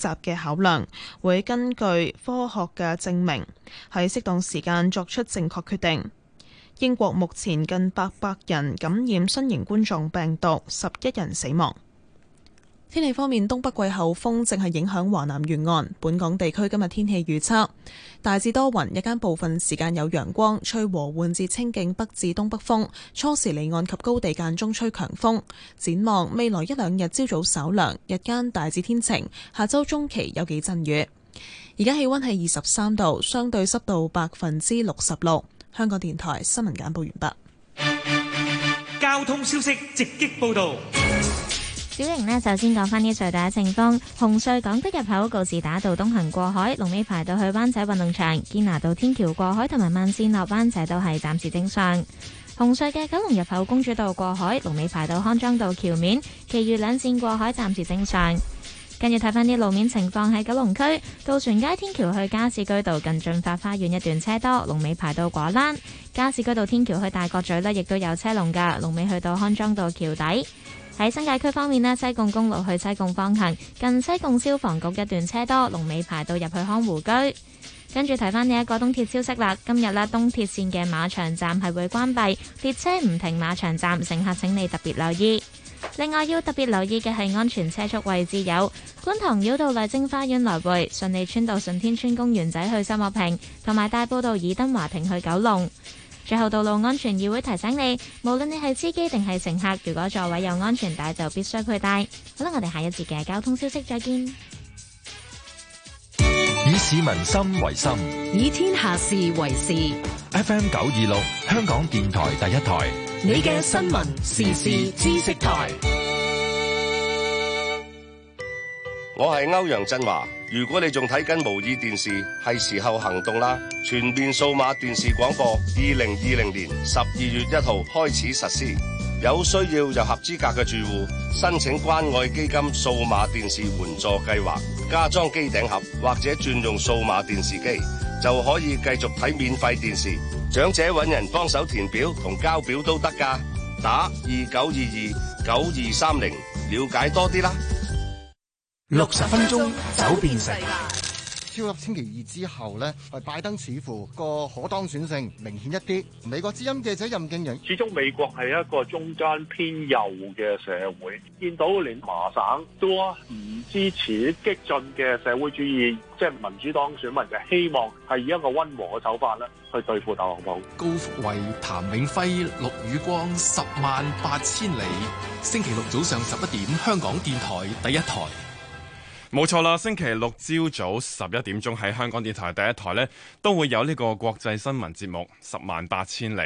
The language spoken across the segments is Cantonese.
集嘅考量，會根據科學嘅證明，喺適當時間作出正確決定。英國目前近八百人感染新型冠狀病毒，十一人死亡。天氣方面，東北季候風正係影響華南沿岸，本港地區今日天氣預測大致多雲，日間部分時間有陽光，吹和緩至清勁北至東北風，初時離岸及高地間中吹強風。展望未來一兩日，朝早稍涼，日間大致天晴，下周中期有幾陣雨。而家氣溫係二十三度，相對濕度百分之六十六。香港電台新聞簡報完畢。交通消息直擊報道。小瑩呢，就先講返啲隧道情況。紅隧港德入口告士打道東行過海，龍尾排到去灣仔運動場；堅拿道天橋過海同埋慢線落灣仔都係暫時正常。紅隧嘅九龍入口公主道過海，龍尾排到康莊道橋面，其餘兩線過海暫時正常。跟住睇翻啲路面情況喺九龍區，渡船街天橋去加士居道近駿發花園一段車多，龍尾排到果欄；加士居道天橋去大角咀呢，亦都有車龍噶，龍尾去到康莊道橋底。喺新界區方面咧，西貢公路去西貢方向，近西貢消防局一段車多，龍尾排到入去康湖居。跟住睇翻呢一個東鐵消息啦，今日呢東鐵線嘅馬場站係會關閉，列車唔停馬場站，乘客請你特別留意。另外要特別留意嘅係安全車速位置有：觀塘繞道麗晶花園來回、順利村道順天村公園仔去秀茂坪，同埋大埔道爾登華庭去九龍。最後，道路安全議會提醒你，無論你係司機定係乘客，如果座位有安全帶，就必須佩戴。好喇，我哋下一節嘅交通消息再見。以市民心為心，以天下事為事。FM 926，香港電台第一台，你嘅新聞時事知識台。我係歐陽振華，如果你仲睇緊模擬電視，係時候行動啦！全面數碼電視廣播，二零二零年十二月一號開始實施，有需要有合資格嘅住戶，申請關愛基金數碼電視援助計劃，加裝機頂盒或者轉用數碼電視機，就可以繼續睇免費電視。長者揾人幫手填表同交表都得噶，打二九二二九二三零了解多啲啦。六十分鐘走遍世界。超級星期二之後咧，拜登似乎個可當選性明顯一啲。美國之音記者任敬仁，始終美國係一個中間偏右嘅社會，見到連麻省都唔支持激進嘅社會主義，即、就、係、是、民主黨選民嘅希望係以一個溫和嘅手法咧去對付特朗普。好好高福衛譚輝、譚永輝、陸宇光，十萬八千里，星期六早上十一點，香港電台第一台。冇錯啦，星期六朝早十一點鐘喺香港電台第一台呢，都會有呢個國際新聞節目《十萬八千里》。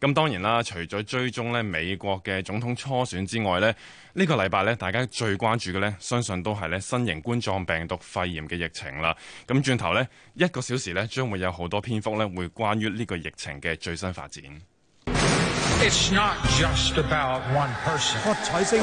咁當然啦，除咗追蹤呢美國嘅總統初選之外呢，呢個禮拜呢，大家最關注嘅呢，相信都係呢新型冠狀病毒肺炎嘅疫情啦。咁轉頭呢，一個小時呢，將會有好多篇幅呢，會關於呢個疫情嘅最新發展。郭彩星。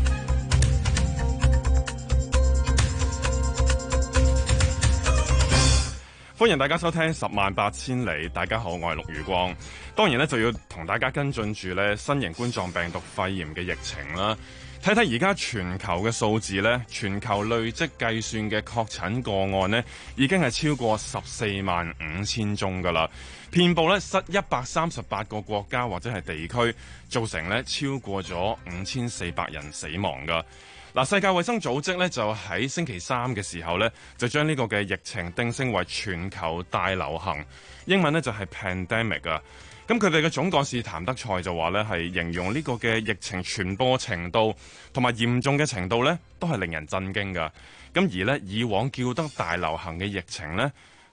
歡迎大家收聽《十萬八千里》，大家好，我係陸宇光。當然咧就要同大家跟進住咧新型冠狀病毒肺炎嘅疫情啦，睇睇而家全球嘅數字咧，全球累積計算嘅確診個案呢已經係超過十四萬五千宗噶啦，遍佈咧失一百三十八個國家或者係地區，造成咧超過咗五千四百人死亡噶。嗱，世界衛生組織咧就喺星期三嘅時候咧，就將呢個嘅疫情定性為全球大流行，英文呢就係 pandemic 噶。咁佢哋嘅總幹事譚德塞就話咧，係形容呢個嘅疫情傳播程度同埋嚴重嘅程度咧，都係令人震驚噶。咁而呢以往叫得大流行嘅疫情呢，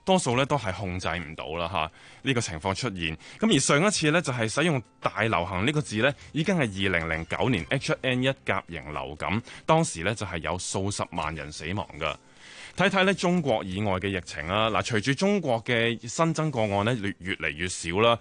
多數咧都係控制唔到啦嚇，呢個情況出現。咁而上一次呢就係使用大流行呢個字呢已經係二零零九年 H N 一甲型流感，當時呢就係有數十萬人死亡嘅。睇睇呢中國以外嘅疫情啦，嗱隨住中國嘅新增個案呢越嚟越少啦，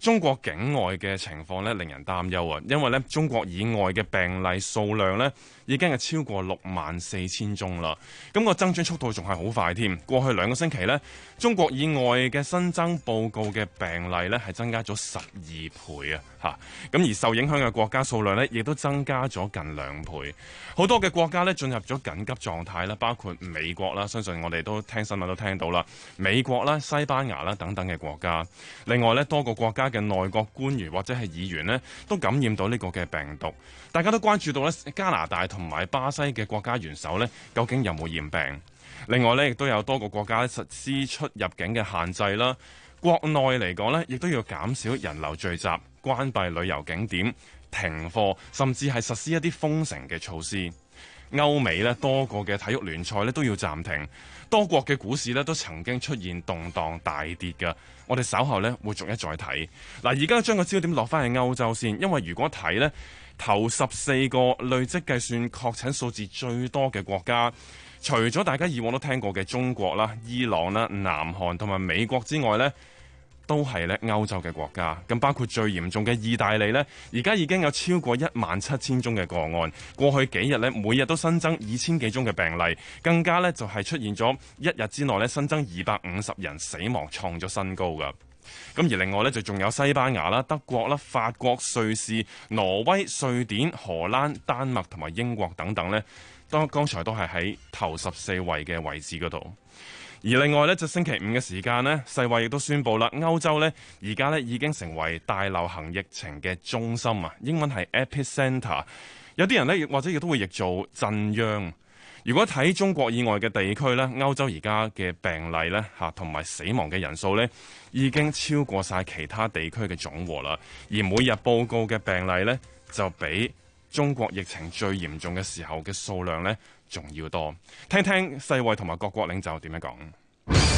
中國境外嘅情況呢令人擔憂啊，因為呢中國以外嘅病例數量呢。已經係超過六萬四千宗啦，咁個增長速度仲係好快添。過去兩個星期呢，中國以外嘅新增報告嘅病例呢係增加咗十二倍啊！嚇，咁而受影響嘅國家數量呢，亦都增加咗近兩倍。好多嘅國家呢進入咗緊急狀態啦，包括美國啦，相信我哋都聽新聞都聽到啦，美國啦、西班牙啦等等嘅國家。另外呢，多個國家嘅內閣官員或者係議員呢，都感染到呢個嘅病毒。大家都關注到咧加拿大同埋巴西嘅國家元首咧，究竟有冇染病？另外咧，亦都有多個國家實施出入境嘅限制啦。國內嚟講咧，亦都要減少人流聚集，關閉旅遊景點，停課，甚至係實施一啲封城嘅措施。歐美咧多個嘅體育聯賽咧都要暫停，多國嘅股市咧都曾經出現動盪大跌嘅。我哋稍後咧會逐一再睇嗱。而家將個焦點落翻去歐洲先，因為如果睇咧，頭十四個累積計算確診數字最多嘅國家，除咗大家以往都聽過嘅中國啦、伊朗啦、南韓同埋美國之外呢，都係咧歐洲嘅國家。咁包括最嚴重嘅意大利呢，而家已經有超過一萬七千宗嘅個案。過去幾日呢，每日都新增二千幾宗嘅病例，更加呢就係出現咗一日之內呢，新增二百五十人死亡，創咗新高㗎。咁而另外咧，就仲有西班牙啦、德國啦、法國、瑞士、挪威、瑞典、荷蘭、丹麥同埋英國等等呢，當剛才都係喺頭十四位嘅位置嗰度。而另外呢，就星期五嘅時間呢，世衛亦都宣布啦，歐洲呢而家呢已經成為大流行疫情嘅中心啊。英文係 epicenter。有啲人呢，亦或者亦都會譯做震央。如果睇中國以外嘅地區咧，歐洲而家嘅病例咧嚇，同埋死亡嘅人數咧，已經超過晒其他地區嘅總和啦。而每日報告嘅病例咧，就比中國疫情最嚴重嘅時候嘅數量咧，仲要多。聽聽世衛同埋各國領袖點樣講。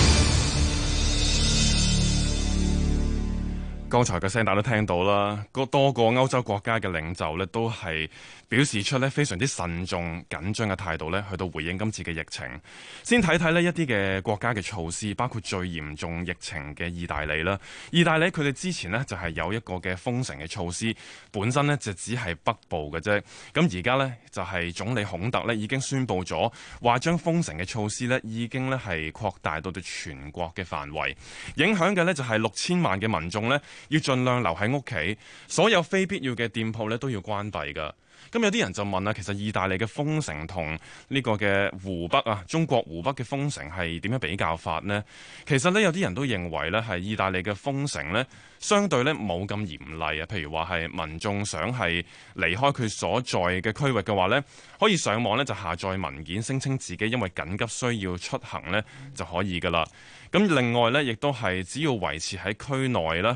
剛才嘅聲帶都聽到啦，個多個歐洲國家嘅領袖呢，都係表示出呢非常之慎重緊張嘅態度呢去到回應今次嘅疫情。先睇睇呢一啲嘅國家嘅措施，包括最嚴重疫情嘅意大利啦。意大利佢哋之前呢，就係有一個嘅封城嘅措施，本身呢就只係北部嘅啫。咁而家呢，就係總理孔特呢已經宣布咗，話將封城嘅措施呢，已經呢係擴大到到全國嘅範圍，影響嘅呢就係六千萬嘅民眾呢。要盡量留喺屋企，所有非必要嘅店鋪咧都要關閉噶。咁、嗯、有啲人就問啦，其實意大利嘅封城同呢個嘅湖北啊，中國湖北嘅封城係點樣比較法呢？其實呢，有啲人都認為呢係意大利嘅封城呢，相對呢冇咁嚴厲啊。譬如話係民眾想係離開佢所在嘅區域嘅話呢，可以上網呢就下載文件，聲稱自己因為緊急需要出行呢就可以噶啦。咁、嗯、另外呢，亦都係只要維持喺區內啦。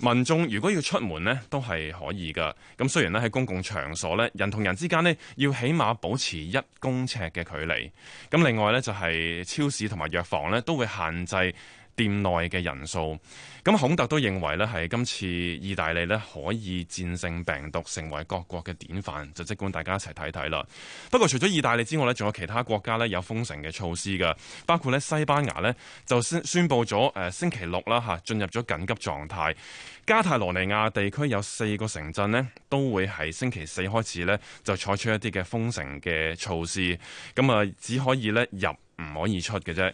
民眾如果要出門呢，都係可以嘅。咁雖然呢喺公共場所呢，人同人之間呢，要起碼保持一公尺嘅距離。咁另外呢，就係超市同埋藥房呢，都會限制店內嘅人數，咁孔特都認為呢係今次意大利呢可以戰勝病毒，成為各國嘅典範，就即管大家一齊睇睇啦。不過除咗意大利之外呢，仲有其他國家呢有封城嘅措施㗎，包括呢西班牙呢，就宣宣布咗誒星期六啦吓進入咗緊急狀態，加泰羅尼亞地區有四個城鎮呢都會喺星期四開始呢就採取一啲嘅封城嘅措施，咁啊只可以呢入唔可以出嘅啫。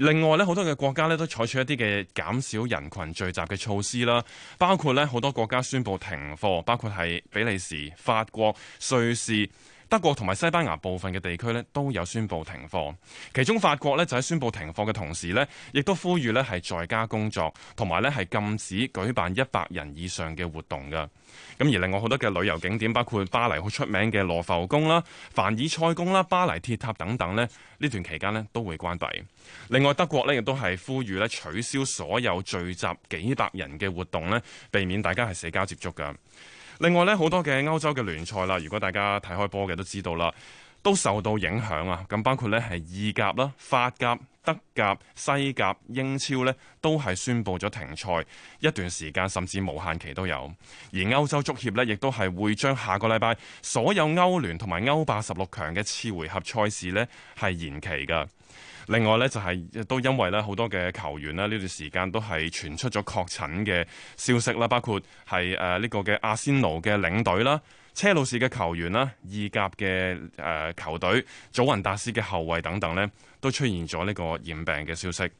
另外咧，好多嘅國家咧都採取一啲嘅減少人群聚集嘅措施啦，包括咧好多國家宣布停課，包括係比利時、法國、瑞士。德國同埋西班牙部分嘅地區咧都有宣布停課，其中法國咧就喺宣布停課嘅同時咧，亦都呼籲咧係在家工作，同埋咧係禁止舉辦一百人以上嘅活動嘅。咁而另外好多嘅旅遊景點，包括巴黎好出名嘅羅浮宮啦、凡爾賽宮啦、巴黎鐵塔等等咧，呢段期間咧都會關閉。另外德國咧亦都係呼籲咧取消所有聚集幾百人嘅活動咧，避免大家係社交接觸嘅。另外咧，好多嘅歐洲嘅聯賽啦，如果大家睇開波嘅都知道啦，都受到影響啊！咁包括呢係意甲啦、法甲、德甲、西甲、英超呢，都係宣布咗停賽一段時間，甚至無限期都有。而歐洲足協呢，亦都係會將下個禮拜所有歐聯同埋歐霸十六強嘅次回合賽事呢，係延期㗎。另外，呃、等等另外呢，就係都因為咧好多嘅球員呢，呢段時間都係傳出咗確診嘅消息啦，包括係誒呢個嘅阿仙奴嘅領隊啦、車路士嘅球員啦、意甲嘅誒球隊、祖雲達斯嘅後衞等等呢，都出現咗呢個染病嘅消息。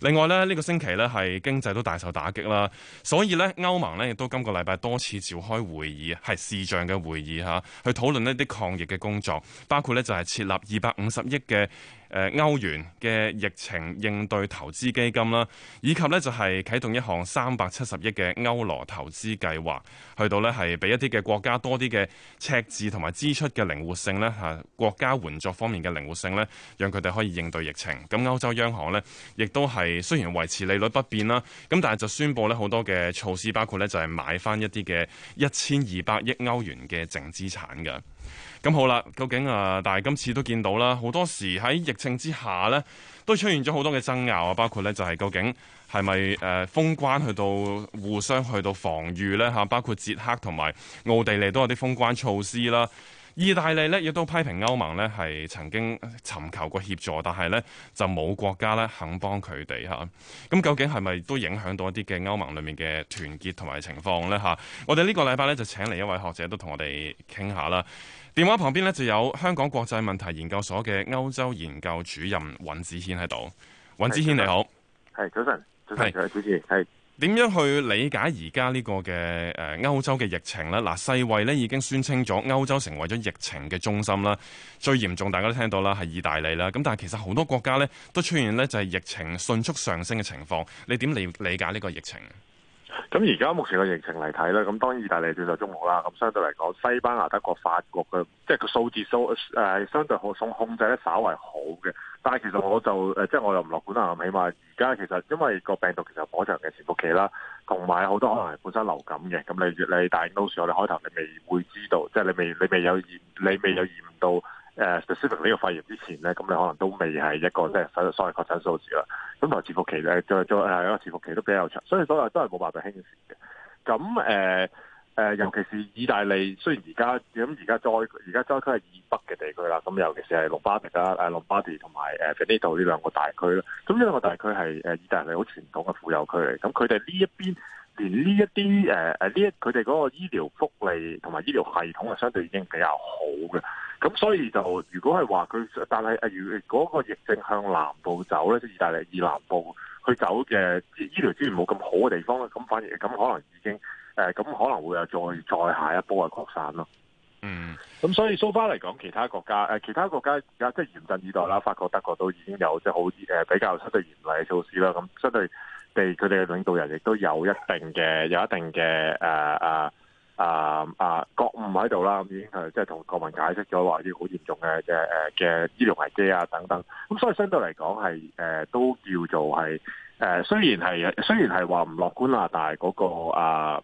另外呢，呢個星期呢，係經濟都大受打擊啦，所以呢，歐盟呢，亦都今個禮拜多次召開會議，係視像嘅會議嚇，去討論呢啲抗疫嘅工作，包括呢就係設立二百五十億嘅。誒歐元嘅疫情應對投資基金啦，以及呢就係啟動一項三百七十億嘅歐羅投資計劃，去到呢係俾一啲嘅國家多啲嘅赤字同埋支出嘅靈活性呢吓，國家援助方面嘅靈活性呢，讓佢哋可以應對疫情。咁歐洲央行呢，亦都係雖然維持利率不變啦，咁但係就宣佈呢好多嘅措施，包括呢就係買返一啲嘅一千二百億歐元嘅淨資產嘅。咁好啦，究竟啊、呃，但係今次都見到啦，好多時喺疫情之下呢，都出現咗好多嘅爭拗啊，包括呢，就係究竟係咪誒封關去到互相去到防禦呢？吓、啊，包括捷克同埋奧地利都有啲封關措施啦。意大利咧亦都批評歐盟咧係曾經尋求過協助，但係咧就冇國家咧肯幫佢哋嚇。咁究竟係咪都影響到一啲嘅歐盟裡面嘅團結同埋情況咧嚇？我哋呢個禮拜咧就請嚟一位學者都同我哋傾下啦。電話旁邊咧就有香港國際問題研究所嘅歐洲研究主任尹子軒喺度。尹子軒你好，係早晨，係主持，係。點樣去理解而家呢個嘅誒歐洲嘅疫情呢？嗱，世衛咧已經宣稱咗歐洲成為咗疫情嘅中心啦，最嚴重大家都聽到啦，係意大利啦。咁但係其實好多國家呢都出現呢就係疫情迅速上升嘅情況。你點理理解呢個疫情？咁而家目前嘅疫情嚟睇咧，咁當然意大利最在中冇啦。咁相對嚟講，西班牙、德國、法國嘅，即係個數字數誒，相對可控制咧，稍為好嘅。但係其實我就誒，即係我又唔樂觀啦。起碼而家其實因為個病毒其實好長嘅潛伏期啦，同埋好多可能係本身流感嘅。咁你你大到時我哋開頭你未會知道，即係你未你未有驗你未有驗到。誒 s t 呢、呃、個肺炎之前咧，咁、嗯、你可能都未係一個即係所所謂確診數字啦。咁同埋潛伏期咧，再再係一個潛伏期都比較長，所以所有都係冇辦法輕視嘅。咁誒誒，尤其是意大利，雖然而家咁而家災而家、嗯、災區係以北嘅地區啦，咁、嗯、尤其是係倫巴第啦、誒、呃、倫巴第同埋誒呢度呢兩個大區啦。咁呢兩個大區係誒意大利好傳統嘅富有區嚟，咁佢哋呢一邊。連呢一啲誒誒呢一佢哋嗰個醫療福利同埋醫療系統係相對已經比較好嘅，咁所以就如果係話佢，但係誒如嗰個疫症向南部走咧，即係意大利以南部去走嘅醫療資源冇咁好嘅地方咧，咁反而咁可能已經誒咁、呃、可能會又再再下一波嘅擴散咯。嗯，咁所以蘇巴嚟講，其他國家誒、呃、其他國家而家即係嚴陣以待啦，法國、德國都已經有即係好誒、呃、比較相對嚴厲嘅措施啦，咁相對。哋佢哋嘅領導人亦都有一定嘅有一定嘅誒誒誒誒覺悟喺度啦，咁、呃呃呃、已經係即係同國民解釋咗話啲好嚴重嘅嘅嘅嘅醫療危機啊等等，咁所以相對嚟講係誒都叫做係誒、呃、雖然係雖然係話唔樂觀啊，但係嗰、那個啊。呃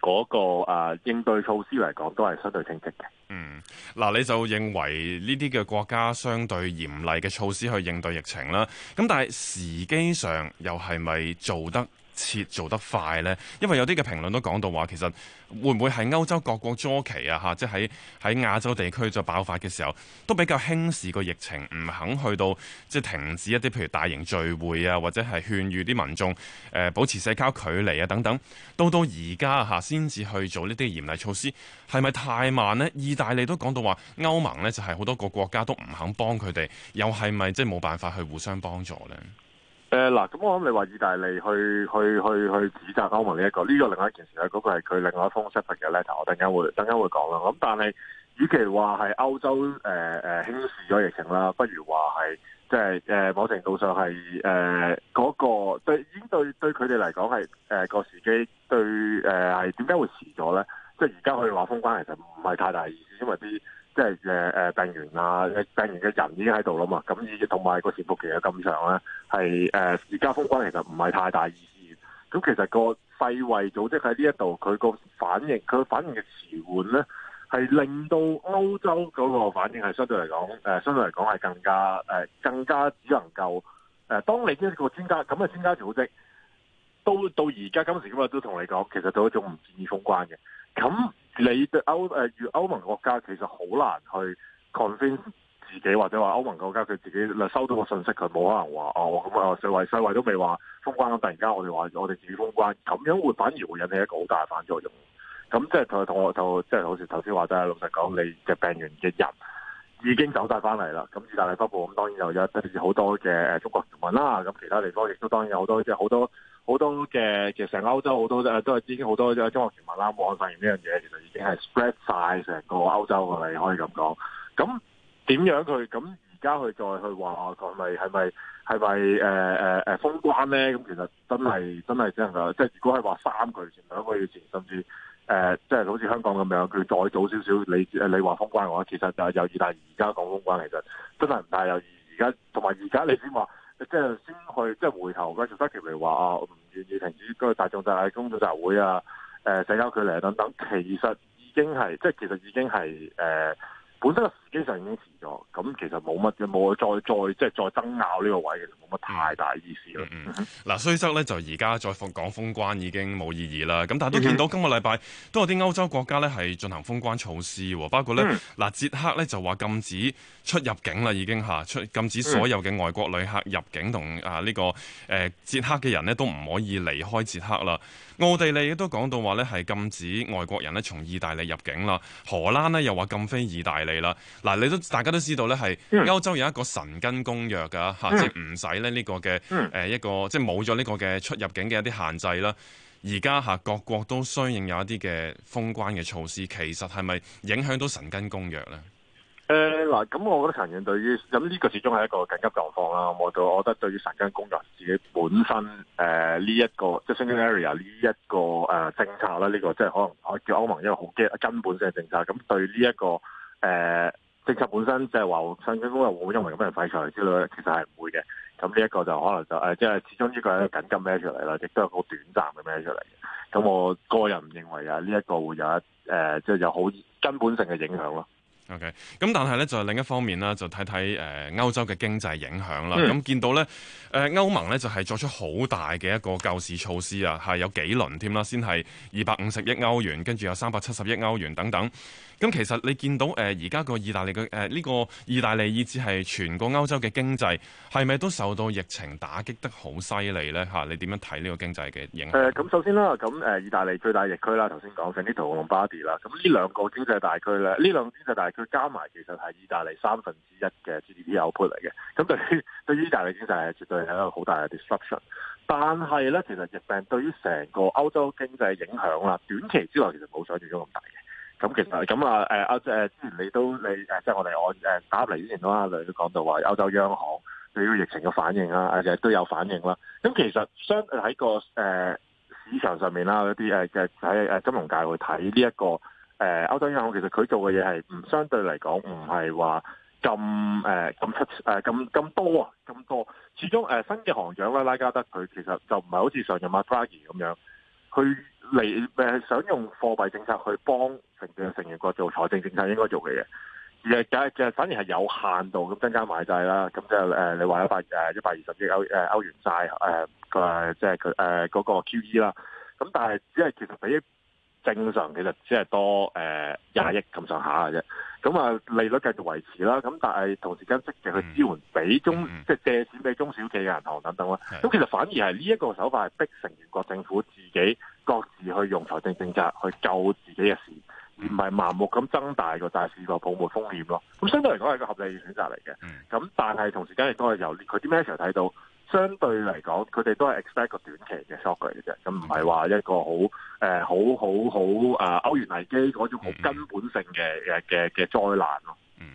嗰個誒應對措施嚟講，都係相對清晰嘅。嗯，嗱，你就認為呢啲嘅國家相對嚴厲嘅措施去應對疫情啦？咁但係時機上又係咪做得切做得快呢？因為有啲嘅評論都講到話，其實會唔會係歐洲各國初期啊，嚇，即係喺喺亞洲地區就爆發嘅時候，都比較輕視個疫情，唔肯去到即係停止一啲譬如大型聚會啊，或者係勸喻啲民眾保持社交距離啊等等，到到而家嚇先至去做呢啲嚴厲措施，係咪太慢呢？意大利都講到話，歐盟呢就係好多個國家都唔肯幫佢哋，又係咪即係冇辦法去互相幫助呢？誒，嗱，咁我諗你話意大利去去去去指責歐盟呢一個，呢、這個另外一件事咧，嗰、那個係佢另外一封 set up 嘅 letter，我等間會等間會講啦。咁但係，與其話係歐洲誒誒、呃、輕視咗疫情啦，不如話係即係誒某程度上係誒嗰個即係已經對對佢哋嚟講係誒個時機對誒係點解會遲咗咧？即係而家我哋話封關其實唔係太大意思，因為啲即係誒誒病源啊、病源嘅人已經喺度啦嘛，咁以同埋個潛伏期又咁長咧。係誒，而家、呃、封關其實唔係太大意思。咁其實個世衛組織喺呢一度，佢個反應，佢反應嘅遲緩咧，係令到歐洲嗰個反應係相對嚟講，誒、呃、相對嚟講係更加誒、呃、更加只能夠誒、呃。當你呢個專家，咁嘅專家組織，都到到而家今時今日都同你講，其實都一種唔建議封關嘅。咁你對歐誒，如、呃、歐盟國家其實好難去 convince。自己或者話歐盟國家佢自己收到個信息，佢冇可能話哦，咁啊世衞世衞都未話封關，突然間我哋話我哋自己封關，咁樣會反而會引起一個好大反作用。咁即係同我就即係好似頭先話啫，老實講，你嘅病原嘅人已經走晒翻嚟啦。咁意大利北部，咁當然又有好多嘅中國移民啦。咁其他地方亦都當然有好多即係好多好多嘅，其實歐洲好多誒都係已經好多嘅中國移民啦。我發現呢樣嘢其實已經係 spread 晒成個歐洲嘅，你可以咁講。咁點樣佢咁而家佢再去話佢咪係咪係咪誒誒誒封關咧？咁其實真係真係只能夠即係如果係話三個月前、兩個月前，甚至誒、呃、即係好似香港咁樣，佢再早少少你誒你話封關嘅話，其實就係有意。但係而家講封關，其實真係唔太有意。而家同埋而家你先話，即係先去即係回頭嗰條新聞嚟話啊，唔願意停止嗰個大眾大嗌、公眾集會啊、誒、呃、社交距離等等，其實已經係即係其實已經係誒、呃、本身嘅。基本上已經遲咗，咁其實冇乜，冇再再即係再爭拗呢個位，其實冇乜太大意思咯、嗯。嗯，嗱、嗯，雖則咧就而家再復講封關已經冇意義啦。咁但係都見到今個禮拜都有啲歐洲國家咧係進行封關措施喎，包括咧嗱、嗯、捷克咧就話禁止出入境啦，已經吓，出禁止所有嘅外國旅客入境同啊呢個誒捷克嘅人咧都唔可以離開捷克啦。奧地利都講到話咧係禁止外國人咧從意大利入境啦，荷蘭呢，又話禁飛意大利啦。嗱，你都大家都知道咧，係歐洲有一個神根公約噶嚇，嗯、即係唔使咧呢個嘅誒、嗯、一個，即係冇咗呢個嘅出入境嘅一啲限制啦。而家嚇各國都相應有一啲嘅封關嘅措施，其實係咪影響到神根公約咧？誒、呃，嗱，咁我覺得陳遠對於咁呢、這個始終係一個緊急狀況啦。我我覺得對於神根公約自己本身誒呢一個，即係 Schengen Area 呢一個誒、呃、政策啦，呢、這個即係可能我叫歐盟一個好基根本性嘅政策。咁對呢一、這個誒。呃即係本身即係話新興工業會因為咁樣廢材之類，其實係唔會嘅。咁呢一個就可能就誒，即、呃、係始終呢個係一個緊急孭出嚟啦，亦都係好短暫嘅孭出嚟。咁我個人唔認為啊，呢一個會有一即係、呃、有好根本性嘅影響咯。OK，咁但係咧，在、就是、另一方面啦，就睇睇誒歐洲嘅經濟影響啦。咁、嗯、見到咧，誒、呃、歐盟咧就係作出好大嘅一個救市措施啊，係有幾輪添啦，先係二百五十億歐元，跟住有三百七十億歐元等等。咁其實你見到誒而家個意大利嘅誒呢個意大利，以至係全個歐洲嘅經濟，係咪都受到疫情打擊得好犀利咧？嚇，你點樣睇呢個經濟嘅影響？誒、呃，咁首先啦，咁誒、呃、意大利最大疫區啦，頭先講緊呢圖同巴迪啦，咁呢兩個經濟大區咧，呢兩個經濟大區加埋其實係意大利三分之一嘅 GDP output 嚟嘅。咁對於對於意大利經濟係絕對係一個好大嘅 disruption。但係咧，其實疾病對於成個歐洲經濟影響啦，短期之內其實冇想象咗咁大。咁、嗯、其實咁啊誒阿誒之前你都你誒即係我哋我誒打嚟之前都個阿女都講到話歐洲央行對於疫情嘅反應其實誒都有反應啦。咁其實相喺個誒、呃、市場上面啦，一啲誒嘅喺誒金融界會睇呢一個誒、呃、歐洲央行其實佢做嘅嘢係唔相對嚟講唔係話咁誒咁出誒咁咁多啊咁多。始終誒、呃、新嘅行長咧拉加德，佢其實就唔係好似上任麥拉爾咁樣。佢嚟誒想用貨幣政策去幫成個成員國做財政政策應該做嘅嘢，而係就係反而係有限度咁，增加買債啦，咁就誒、係、你話一百誒一百二十億歐誒歐元債誒誒即係佢誒嗰個 QE 啦，咁但係只係其實俾啲。正常其實只係多誒廿億咁上下嘅啫，咁、呃、啊利率繼續維持啦，咁但係同時間積極去支援俾中，嗯嗯、即係借錢俾中小企嘅銀行等等啦，咁的其實反而係呢一個手法係逼成員國政府自己各自去用財政政策去救自己嘅事，嗯、而唔係盲目咁增大個大市個泡沫風險咯。咁相對嚟講係個合理嘅選擇嚟嘅。咁、嗯、但係同時間亦都係由佢啲咩時候睇到。相對嚟講，佢哋都係 expect 個短期嘅 shortage 嘅啫，咁唔係話一個、呃、好誒好好好啊、呃、歐元危機嗰種好根本性嘅嘅嘅嘅災難咯。嗯，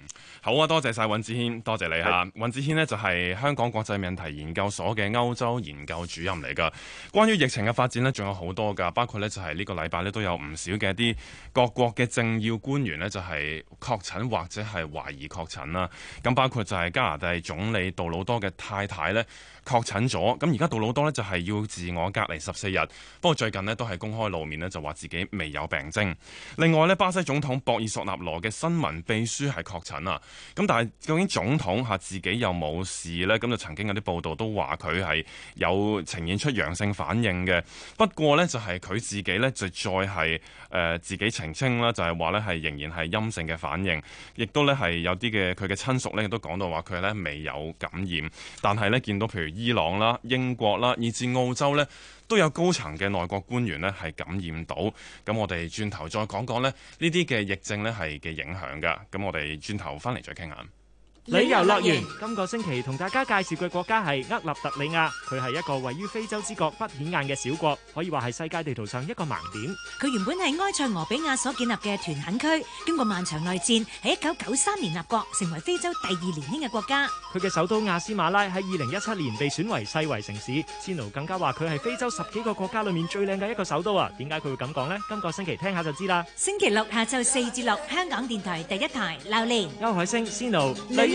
好啊，多謝晒尹子軒，多謝你吓。是尹子軒呢就係香港國際問題研究所嘅歐洲研究主任嚟噶。關於疫情嘅發展呢，仲有好多噶，包括呢就係呢個禮拜呢都有唔少嘅一啲各國嘅政要官員呢就係確診或者係懷疑確診啦。咁包括就係加拿大總理杜魯多嘅太太呢確診咗，咁而家杜魯多呢就係要自我隔離十四日。不過最近呢都係公開露面呢，就話自己未有病徵。另外呢，巴西總統博爾索納羅嘅新聞秘書係。確診啊！咁但係究竟總統吓自己有冇事呢？咁就曾經有啲報道都話佢係有呈現出陽性反應嘅。不過呢，就係佢自己呢，就再係誒自己澄清啦，就係話呢係仍然係陰性嘅反應，亦都呢係有啲嘅佢嘅親屬呢，亦都講到話佢呢未有感染。但係呢，見到譬如伊朗啦、英國啦，以至澳洲呢，都有高層嘅內閣官員咧，係感染到。咁我哋轉頭再講講咧，呢啲嘅疫症咧係嘅影響嘅。咁我哋轉頭翻嚟再傾下。旅遊樂園，今個星期同大家介紹嘅國家係厄立特里亞，佢係一個位於非洲之角不顯眼嘅小國，可以話係世界地圖上一個盲點。佢原本係埃塞俄比亞所建立嘅團墾區，經過漫長內戰，喺一九九三年立國，成為非洲第二年輕嘅國家。佢嘅首都亞斯馬拉喺二零一七年被選為世遺城市，Cino 更加話佢係非洲十幾個國家裏面最靚嘅一個首都啊！點解佢會咁講呢？今個星期聽下就知啦。星期六下晝四至六，香港電台第一台流年、歐海星、Cino、李。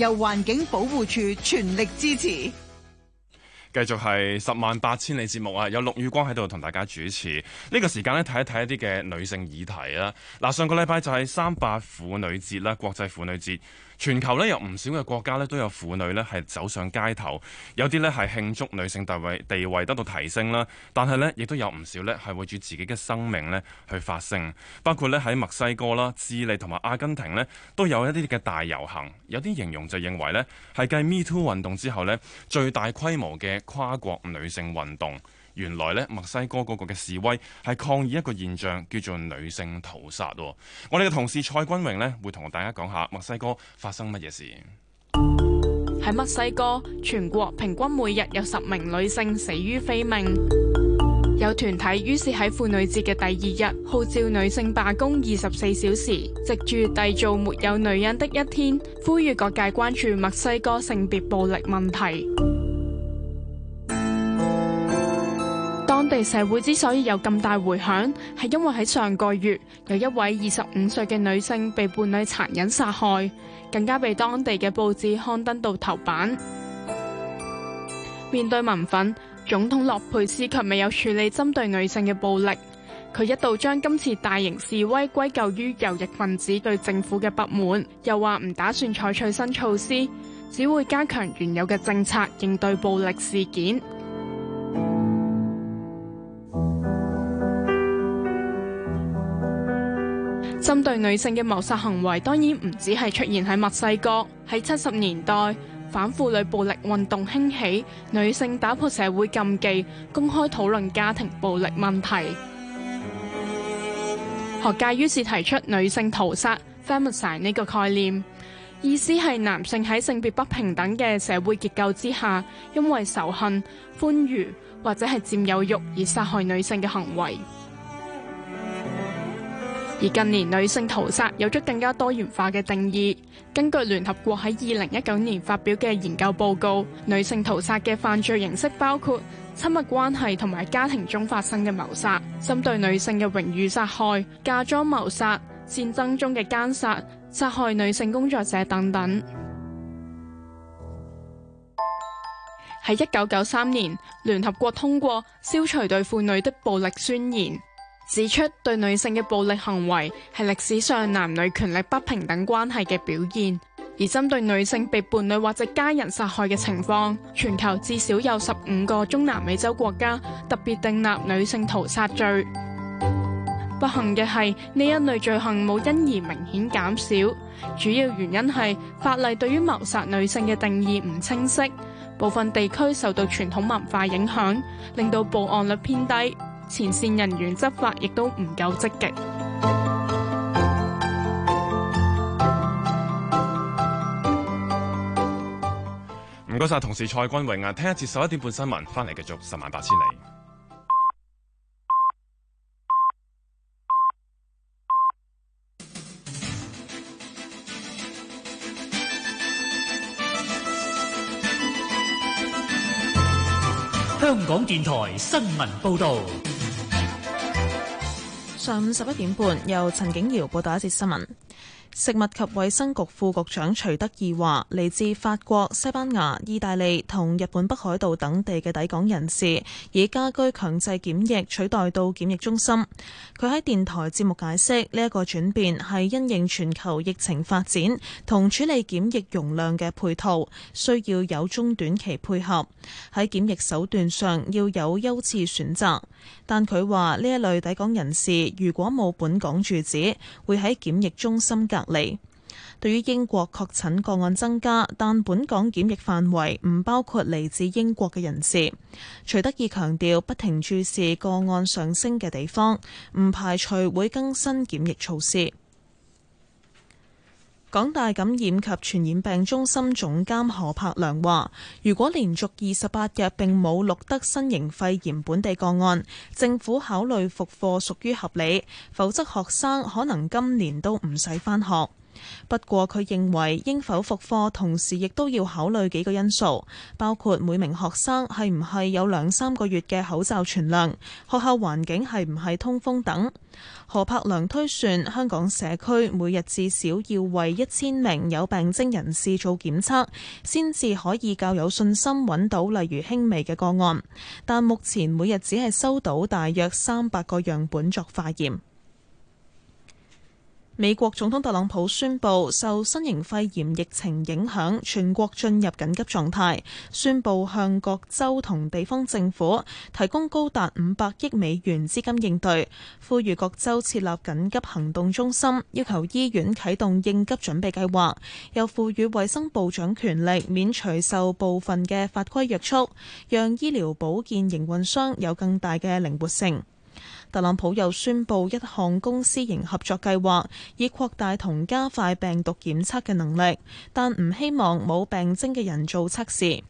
由環境保護處全力支持。繼續係十萬八千里節目啊，有陸宇光喺度同大家主持。呢個時間咧，睇一睇一啲嘅女性議題啦。嗱，上個禮拜就係三八婦女節啦，國際婦女節。全球咧有唔少嘅國家咧都有婦女呢係走上街頭，有啲呢係慶祝女性地位地位得到提升啦，但係呢，亦都有唔少呢係為住自己嘅生命呢去發聲，包括呢喺墨西哥啦、智利同埋阿根廷呢，都有一啲嘅大遊行，有啲形容就認為呢係繼 Me Too 運動之後呢，最大規模嘅跨國女性運動。原來咧，墨西哥嗰個嘅示威係抗議一個現象叫做女性屠殺。我哋嘅同事蔡君榮呢，會同大家講下墨西哥發生乜嘢事。喺墨西哥，全國平均每日有十名女性死於非命。有團體於是喺婦女節嘅第二日，號召女性罷工二十四小時，藉住製造沒有女人的一天，呼籲各界關注墨西哥性別暴力問題。當地社會之所以有咁大回響，係因為喺上個月有一位二十五歲嘅女性被伴侶殘忍殺害，更加被當地嘅報紙刊登到頭版。面對民憤，總統洛佩斯卻未有處理針對女性嘅暴力。佢一度將今次大型示威歸咎於右翼分子對政府嘅不滿，又話唔打算採取新措施，只會加強原有嘅政策應對暴力事件。針對女性嘅謀殺行為，當然唔只係出現喺墨西哥。喺七十年代，反婦女暴力運動興起，女性打破社會禁忌，公開討論家庭暴力問題。學界於是提出女性屠殺 femicide 呢個概念，意思係男性喺性別不平等嘅社會結構之下，因為仇恨、歡愉或者係佔有欲而殺害女性嘅行為。而近年女性屠殺有咗更加多元化嘅定義。根據聯合國喺二零一九年發表嘅研究報告，女性屠殺嘅犯罪形式包括親密關係同埋家庭中發生嘅謀殺，針對女性嘅榮譽殺害、嫁妝謀殺、戰爭中嘅姦殺、殺害女性工作者等等。喺一九九三年，聯合國通過消除對婦女的暴力宣言。指出對女性嘅暴力行為係歷史上男女權力不平等關係嘅表現，而針對女性被伴侶或者家人殺害嘅情況，全球至少有十五個中南美洲國家特別訂立女性屠殺罪。不幸嘅係，呢一類罪行冇因而明顯減少，主要原因係法例對於謀殺女性嘅定義唔清晰，部分地區受到傳統文化影響，令到報案率偏低。前線人員執法亦都唔夠積極。唔該晒同事蔡君榮啊，聽一節十一點半新聞，翻嚟繼續十萬八千里。香港電台新聞報道。上午十一點半，由陳景堯報道一節新聞。食物及衛生局副局長徐德義話：嚟自法國、西班牙、意大利同日本北海道等地嘅抵港人士，以家居強制檢疫取代到檢疫中心。佢喺電台節目解釋，呢一個轉變係因應全球疫情發展同處理檢疫容量嘅配套，需要有中短期配合。喺檢疫手段上要有優次選擇，但佢話呢一類抵港人士如果冇本港住址，會喺檢疫中心隔隔離。對於英國確診個案增加，但本港檢疫範圍唔包括嚟自英國嘅人士，徐德義強調不停注視個案上升嘅地方，唔排除會更新檢疫措施。港大感染及傳染病中心總監何柏良話，如果連續二十八日並冇錄得新型肺炎本地個案，政府考慮復課屬於合理，否則學生可能今年都唔使返學。不過，佢認為應否復課，同時亦都要考慮幾個因素，包括每名學生係唔係有兩三個月嘅口罩存量、學校環境係唔係通風等。何柏良推算，香港社區每日至少要為一千名有病徵人士做檢測，先至可以較有信心揾到例如輕微嘅個案，但目前每日只係收到大約三百個樣本作化驗。美國總統特朗普宣佈受新型肺炎疫情影響，全國進入緊急狀態，宣佈向各州同地方政府提供高達五百億美元資金應對，呼籲各州設立緊急行動中心，要求醫院啟動應急準備計劃，又賦予衛生部長權力免除受部分嘅法規約束，讓醫療保健營運商有更大嘅靈活性。特朗普又宣布一項公私營合作計劃，以擴大同加快病毒檢測嘅能力，但唔希望冇病徵嘅人做測試。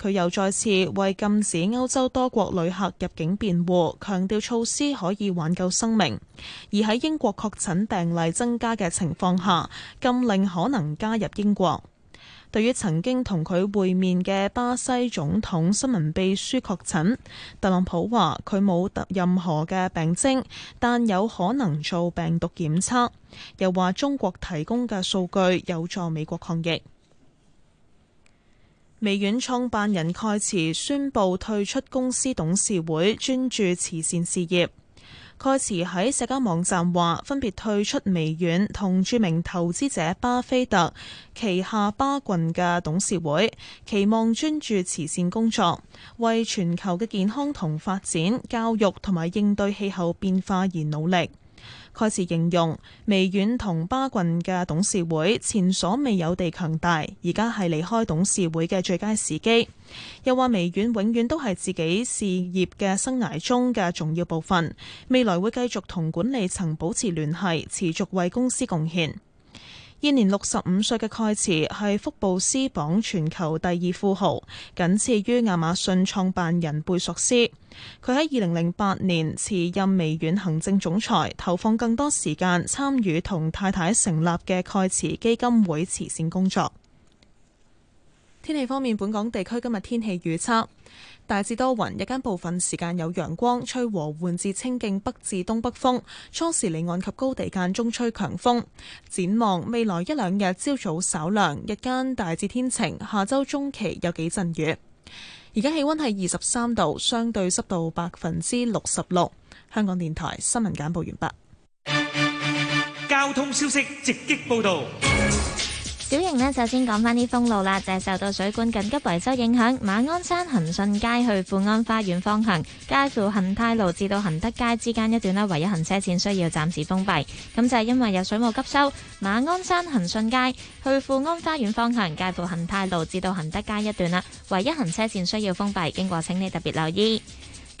佢又再次為禁止歐洲多國旅客入境辯護，強調措施可以挽救生命。而喺英國確診病例增加嘅情況下，禁令可能加入英國。對於曾經同佢會面嘅巴西總統新聞秘書確診，特朗普話佢冇得任何嘅病徵，但有可能做病毒檢測。又話中國提供嘅數據有助美國抗疫。微軟創辦人蓋茨宣布退出公司董事會，專注慈善事業。蓋茨喺社交網站話，分別退出微軟同著名投資者巴菲特旗下巴郡嘅董事會，期望專注慈善工作，為全球嘅健康同發展、教育同埋應對氣候變化而努力。開始形容微軟同巴郡嘅董事會前所未有地強大，而家係離開董事會嘅最佳時機。又話微軟永遠都係自己事業嘅生涯中嘅重要部分，未來會繼續同管理層保持聯繫，持續為公司貢獻。現年六十五歲嘅蓋茨係福布斯榜全球第二富豪，僅次於亞馬遜創辦人貝索斯。佢喺二零零八年辭任微軟行政總裁，投放更多時間參與同太太成立嘅蓋茨基金會慈善工作。天氣方面，本港地區今日天氣預測。大致多雲，日間部分時間有陽光，吹和緩至清勁北至東北風，初時離岸及高地間中吹強風。展望未來一兩日，朝早稍涼，日間大致天晴。下周中期有幾陣雨。而家氣溫係二十三度，相對濕度百分之六十六。香港電台新聞簡報完畢。交通消息直擊報道。小型呢，首先講翻啲封路啦，就係受到水管緊急維修影響，馬鞍山恒順街去富安花園方向，介乎恒泰路至到恒德街之間一段咧，唯一行車線需要暫時封閉，咁就係因為有水務急修，馬鞍山恒順街去富安花園方向，介乎恒泰路至到恒德街一段啦，唯一行車線需要封閉，經過請你特別留意。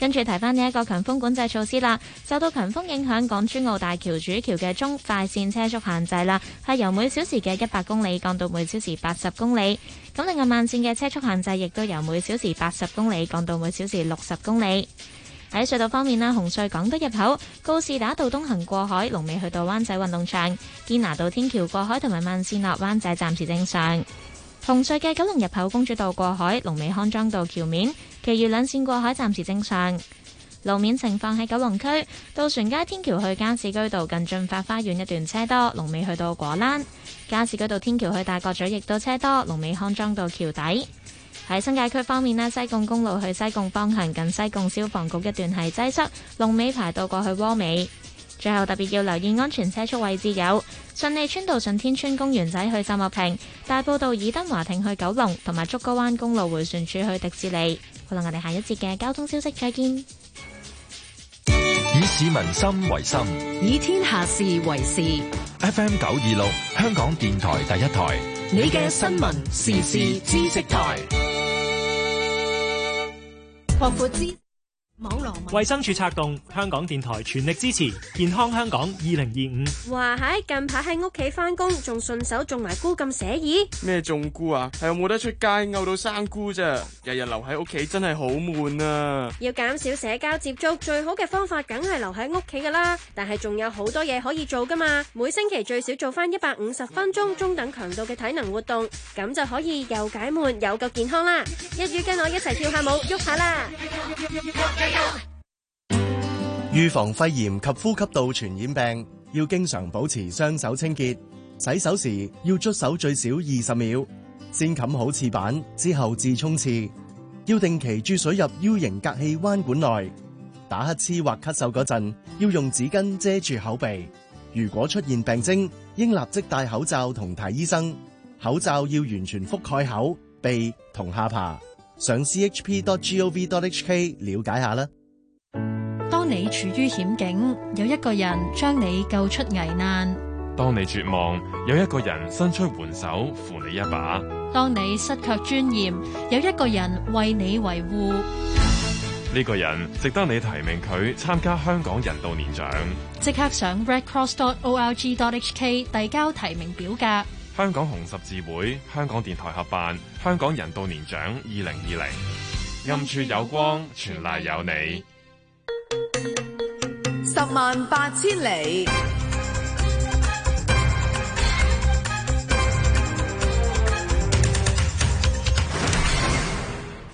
跟住提返呢一個強風管制措施啦，受到強風影響，港珠澳大橋主橋嘅中快線車速限制啦，係由每小時嘅一百公里降到每小時八十公里。咁另外慢線嘅車速限制亦都由每小時八十公里降到每小時六十公里。喺隧道方面啦，紅隧港島入口、告士打道東行過海、龍尾去到灣仔運動場、堅拿道天橋過海同埋慢線落灣仔暫時正常。紅隧嘅九龍入口公主道過海，龍尾康莊道橋面，其餘兩線過海暫時正常。路面情況喺九龍區，渡船街天橋去加士居道近駿發花園一段車多，龍尾去到果欄；加士居道天橋去大角咀亦都車多，龍尾康莊道橋底。喺新界區方面咧，西貢公路去西貢方向近西貢消防局一段係擠塞，龍尾排到過去窩尾。最後特別要留意安全車速位置有：順利村道順天村公園仔去秀茂坪、大埔道爾登華庭去九龍，同埋竹篙灣公路迴旋處去迪士尼。好啦，我哋下一節嘅交通消息再見。以市民心為心，以天下事為事。FM 九二六，香港電台第一台，你嘅新聞時事知識台。可複製。衛生署策動香港電台全力支持健康香港二零二五。哇！喺近排喺屋企翻工，仲順手種埋菇咁寫意。咩種菇啊？係有冇得出街嘔，到生菇啫，日日留喺屋企真係好悶啊！要減少社交接觸，最好嘅方法梗係留喺屋企噶啦。但係仲有好多嘢可以做噶嘛。每星期最少做翻一百五十分鐘中等強度嘅體能活動，咁就可以又解悶又夠健康啦。一於跟我一齊跳下舞，喐下啦！預防肺炎及呼吸道傳染病，要經常保持雙手清潔。洗手時要捽手最少二十秒，先冚好廁板之後至沖廁。要定期注水入 U 型隔氣彎管內。打乞嗤或咳嗽嗰陣，要用紙巾遮住口鼻。如果出現病徵，應立即戴口罩同睇醫生。口罩要完全覆蓋口鼻同下巴。上 c h p dot g o v dot h k 了解下啦。當你處於險境，有一個人將你救出危難；當你絕望，有一個人伸出援手扶你一把；當你失卻尊嚴，有一個人為你維護。呢個人值得你提名佢參加香港人道年獎。即刻上 red cross dot o r g dot h k 遞交提名表格。香港紅十字會、香港電台合辦《香港人道年獎》二零二零，暗處有光，全賴有你。十萬八千里。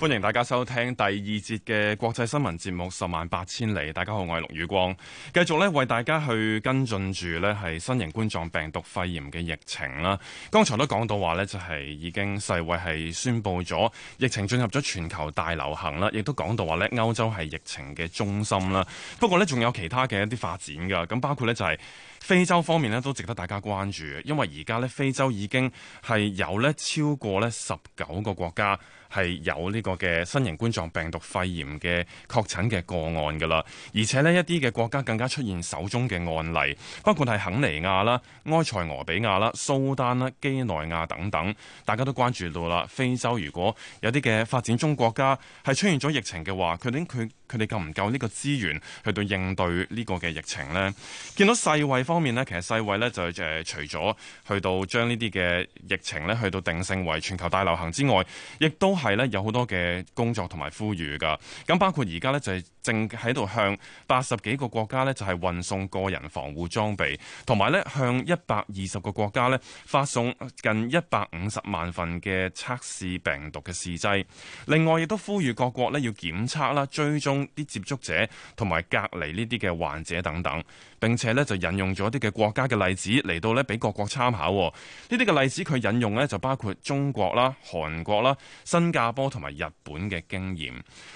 歡迎大家收聽第二節嘅國際新聞節目《十萬八千里》，大家好，我係陸宇光，繼續咧為大家去跟進住咧係新型冠狀病毒肺炎嘅疫情啦。剛才都講到話咧，就係已經世衛係宣布咗疫情進入咗全球大流行啦，亦都講到話咧歐洲係疫情嘅中心啦。不過咧，仲有其他嘅一啲發展噶，咁包括咧就係非洲方面咧都值得大家關注，因為而家咧非洲已經係有咧超過咧十九個國家。係有呢個嘅新型冠狀病毒肺炎嘅確診嘅個案㗎啦，而且呢，一啲嘅國家更加出現首宗嘅案例，包括係肯尼亞啦、埃塞俄比亞啦、蘇丹啦、幾內亞等等，大家都關注到啦。非洲如果有啲嘅發展中國家係出現咗疫情嘅話，佢哋佢佢哋夠唔夠呢個資源去到應對呢個嘅疫情呢？見到世衛方面呢，其實世衛呢，就、呃、誒除咗去到將呢啲嘅疫情呢去到定性為全球大流行之外，亦都係咧，都有好多嘅工作同埋呼籲噶。咁包括而家呢，就係正喺度向八十幾個國家呢，就係運送個人防護裝備，同埋呢向一百二十個國家呢，發送近一百五十萬份嘅測試病毒嘅試劑。另外亦都呼籲各國呢要檢測啦，追蹤啲接觸者同埋隔離呢啲嘅患者等等，並且呢，就引用咗一啲嘅國家嘅例子嚟到呢，俾各國參考。呢啲嘅例子佢引用呢就包括中國啦、韓國啦、新。新加坡同埋日本嘅經驗，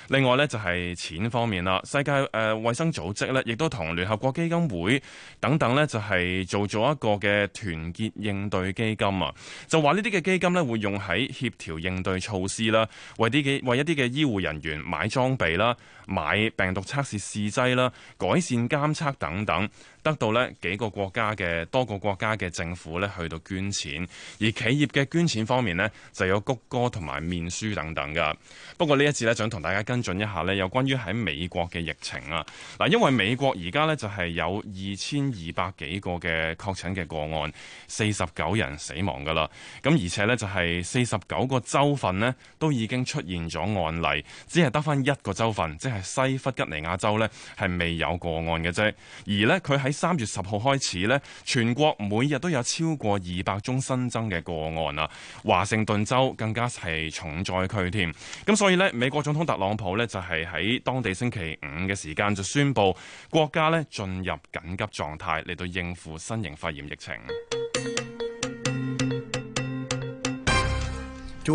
另外呢，就係錢方面啦。世界誒衛生組織呢，亦都同聯合國基金會等等呢，就係做咗一個嘅團結應對基金啊。就話呢啲嘅基金呢，會用喺協調應對措施啦，為啲嘅為一啲嘅醫護人員買裝備啦，買病毒測試試劑啦，改善監測等等。得到咧幾個國家嘅多個國家嘅政府咧去到捐錢，而企業嘅捐錢方面咧就有谷歌同埋面書等等噶不過呢一次咧想同大家跟進一下咧，有關於喺美國嘅疫情啊。嗱，因為美國而家咧就係有二千二百幾個嘅確診嘅個案，四十九人死亡噶啦。咁而且咧就係四十九個州份咧都已經出現咗案例，只係得翻一個州份，即係西弗吉尼亞州咧係未有個案嘅啫。而咧佢喺喺三月十號開始咧，全國每日都有超過二百宗新增嘅個案啊！華盛頓州更加係重災區添，咁所以咧，美國總統特朗普咧就係喺當地星期五嘅時間就宣布國家咧進入緊急狀態嚟到應付新型肺炎疫情。To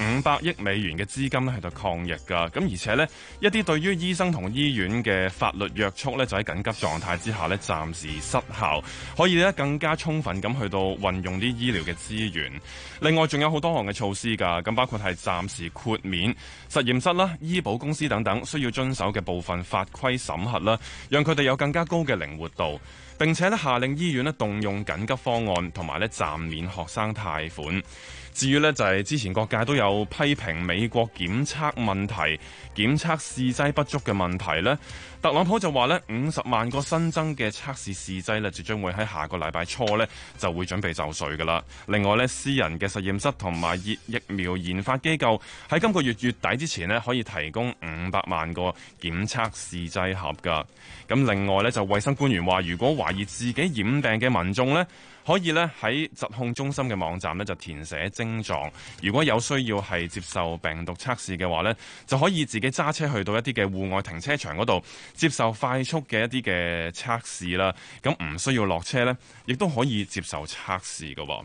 五百億美元嘅資金喺度抗疫㗎，咁而且呢，一啲對於醫生同醫院嘅法律約束咧，就喺緊急狀態之下咧暫時失效，可以咧更加充分咁去到運用啲醫療嘅資源。另外仲有好多項嘅措施㗎，咁包括係暫時豁免實驗室啦、醫保公司等等需要遵守嘅部分法規審核啦，讓佢哋有更加高嘅靈活度。並且呢，下令醫院呢動用緊急方案，同埋咧暫免學生貸款。至於咧，就係、是、之前各界都有批評美國檢測問題、檢測試劑不足嘅問題咧。特朗普就話咧，五十萬個新增嘅測試試劑咧，就將會喺下個禮拜初咧就會準備就緒㗎喇。另外咧，私人嘅實驗室同埋熱疫苗研發機構喺今個月月底之前咧，可以提供五百萬個檢測試劑盒㗎。咁另外咧，就衞生官員話，如果懷疑自己染病嘅民眾咧，可以咧喺疾控中心嘅網站咧就填寫症狀，如果有需要係接受病毒測試嘅話咧，就可以自己揸車去到一啲嘅戶外停車場嗰度接受快速嘅一啲嘅測試啦。咁唔需要落車呢，亦都可以接受測試㗎喎。